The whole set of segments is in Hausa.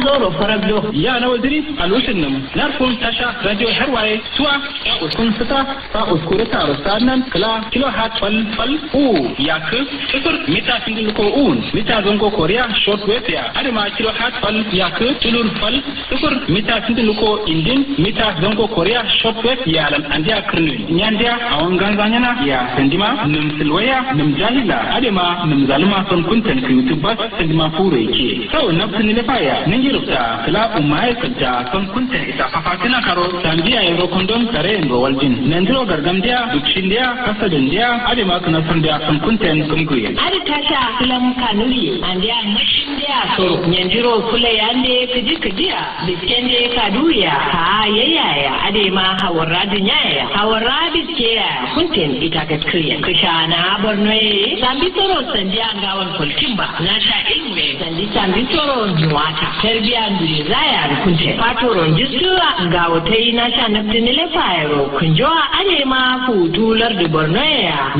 zoro farablo ya na a alushin nan na kun tasha radio herwaye tuwa ya uskun suta ta uskure ta nan kila kilo hat fal fal u ya ke sifir mita singil ko un mita zongo korea short wave ya adama kilo hat fal ya ke tulur fal sifir mita singil ko indin mita zongo korea short wave ya lan diya a wani awon nyana ya sandima nim silwaya nim jahila adama nim zalima son kuntan kuyutu bas sandima fure ke sau nafsin ne ya. nin ta kila umma sajja kan kunta isa fafatina karo tandiya yero kondon kare waljin. waldin nandiro gargam dia dukshin dia kasa den dia ade ma kana son dia kan kunta en kumkuye ade sha kilam kanuri andia mashin dia soro nyandiro kule yande kiji kijiya biskende kaduya ha yayaya ade ma ya. yaya radin ke kunten ita ga kriya kishana borno ye sambi soro sandia kulkin ba na sha ilme sandi sambi terbiyanduliza yar kunte patoro jistuwa nga wata yi na sha nabdi nile fayaro kunjo a arema futular da borno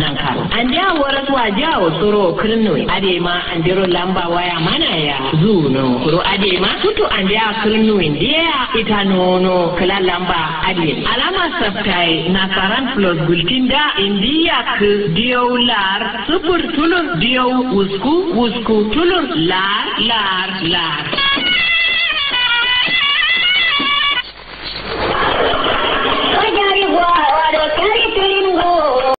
nan karo an ja waras wa ja wa tsoro kirno arema an jiro lamba waya mana ya zuno kuro adema tutu an ja kirno indiya ita nono kala lamba adem alama sabtai na karan plus gultinda indiya ku diyo lar supur tulur diyo wusku wusku tulur lar lar lar